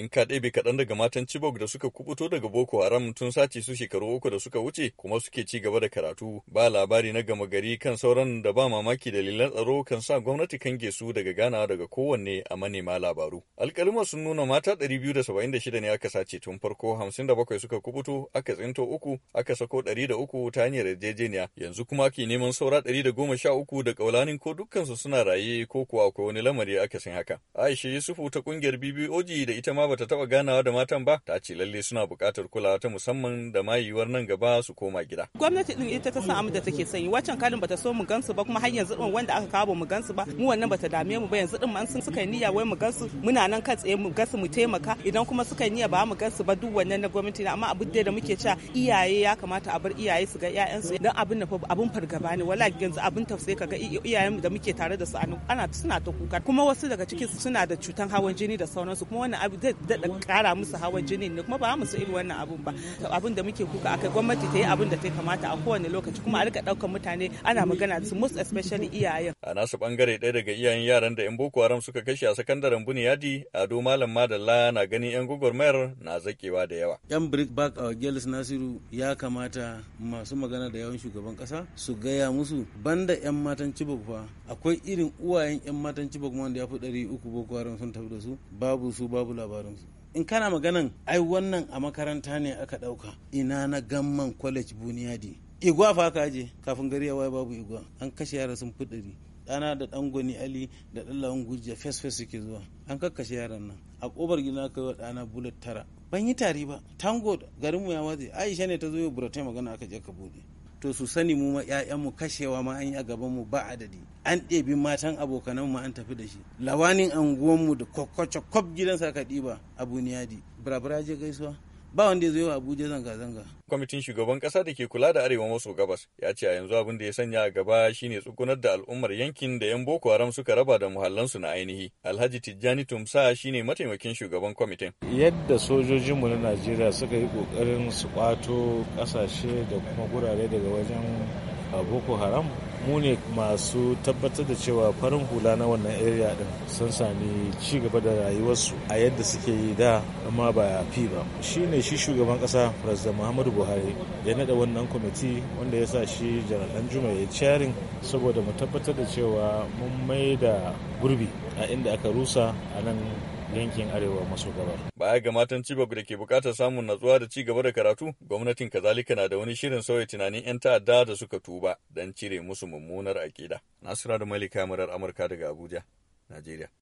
in ka ɗebe kaɗan daga matan Chibok da suka kubuto daga Boko Haram tun sace su shekaru uku da suka wuce kuma suke ci gaba da karatu ba labari na gama gari kan sauran da ba mamaki dalilan tsaro kan sa gwamnati kange su daga gana daga kowanne a manema labaru. Alƙaluma sun nuna mata 276 ne aka sace tun farko 57 suka kubuto aka tsinto uku aka sako 300 ta hanyar yarjejeniya yanzu kuma ake neman saura 113 da kaulanin ko dukkansu suna raye ko kuwa akwai wani lamari aka san haka. Aisha Yusufu ta kungiyar BBOG da ita ma bata taɓa ganawa da matan ba ta ce lalle suna buƙatar kulawa ta musamman da ma yiwuwar nan gaba su koma gida. Gwamnati din ita ta san abin da take sanyi wacan kalin bata so mu gansu ba kuma har yanzu din wanda aka kawo mu gansu ba mu wannan bata dame mu ba yanzu din man sun suka niyya wai mu gansu muna nan kan tsaye mu gansu mu taimaka idan kuma suka niyya ba mu gansu ba duk wannan na gwamnati amma abu da da muke cewa iyaye ya kamata a bar iyaye su ga ƴaƴansu dan abin abin fargaba ne wallahi yanzu abin tausayi kaga iyayen da muke tare da su ana suna ta kuka kuma wasu daga cikin suna da cutan hawan jini da sauransu kuma wannan abu zai daɗa ƙara musu hawan jini ne kuma ba mu so irin wannan abun ba abun da muke kuka akai gwamnati ta yi abun da ta kamata a kowane lokaci kuma a rika ɗaukar mutane ana magana su most especially iyayen. a nasu bangare ɗaya daga iyayen yaran da 'yan boko haram suka kashe a sakandaren buniyadi ado malam madalla na gani 'yan gwagwarmayar na zakewa da yawa. yan brick back a girls nasiru ya kamata masu magana da yawan shugaban kasa su gaya musu banda 'yan matan cibok fa akwai irin uwayen 'yan matan cibok wanda ya fi ɗari uku boko haram sun tafi da su babu su babu labari labarinsu in kana maganan ai wannan a makaranta ne aka ɗauka ina na gamman college buniyadi igwa fa ka je kafin gari ya waye babu igwa an kashe yara sun fi ɗana da dan goni ali da ɗan lawan gujiya fes fes suke zuwa an kakkashe yaran nan a kobar gina ka yi wa ɗana bullet tara ban yi tari ba tango garinmu ya watse aisha ne ta zo yau burotai magana aka je ka bude. to su sani mu ma ƴaƴanmu kashewa ma an yi a gaban mu ba adadi an ɗebi matan abokanan mu an tafi da shi lawanin anguwanmu da kwakwace kwab gidansa ka ɗiba abu niyadi je gaisuwa ba wanda ya zo Abuja zanga-zanga. Kwamitin shugaban kasa da ke kula da arewa maso gabas ya ce a yanzu abin da ya sanya a gaba shine tsugunar da al'ummar yankin da 'yan Boko Haram suka raba da muhallansu na ainihi. Alhaji Tijjani Tumsa shine mataimakin shugaban kwamitin. Yadda sojojinmu na Najeriya suka yi kokarin su kwato ƙasashe da kuma gurare daga wajen Boko Haram mu ne masu tabbatar da cewa farin hula na wannan area din sun sami ci gaba da rayuwarsu a yadda suke yi da amma ba fi ba shi ne shi shugaban kasa president muhammadu buhari ya nada wannan kwamiti wanda ya sa shi janar juma ya ciyarin saboda mu tabbatar da cewa mun mai da gurbi a inda aka rusa a nan yankin arewa maso gabar. Baya ga matan Chibok da ke bukatar samun natsuwa da ci gaba da karatu, gwamnatin kazalika na da wani shirin sauya tunanin 'yan ta'adda da suka tuba don cire musu mummunar aƙida. Nasira da Malika Murar Amurka daga Abuja, Najeriya.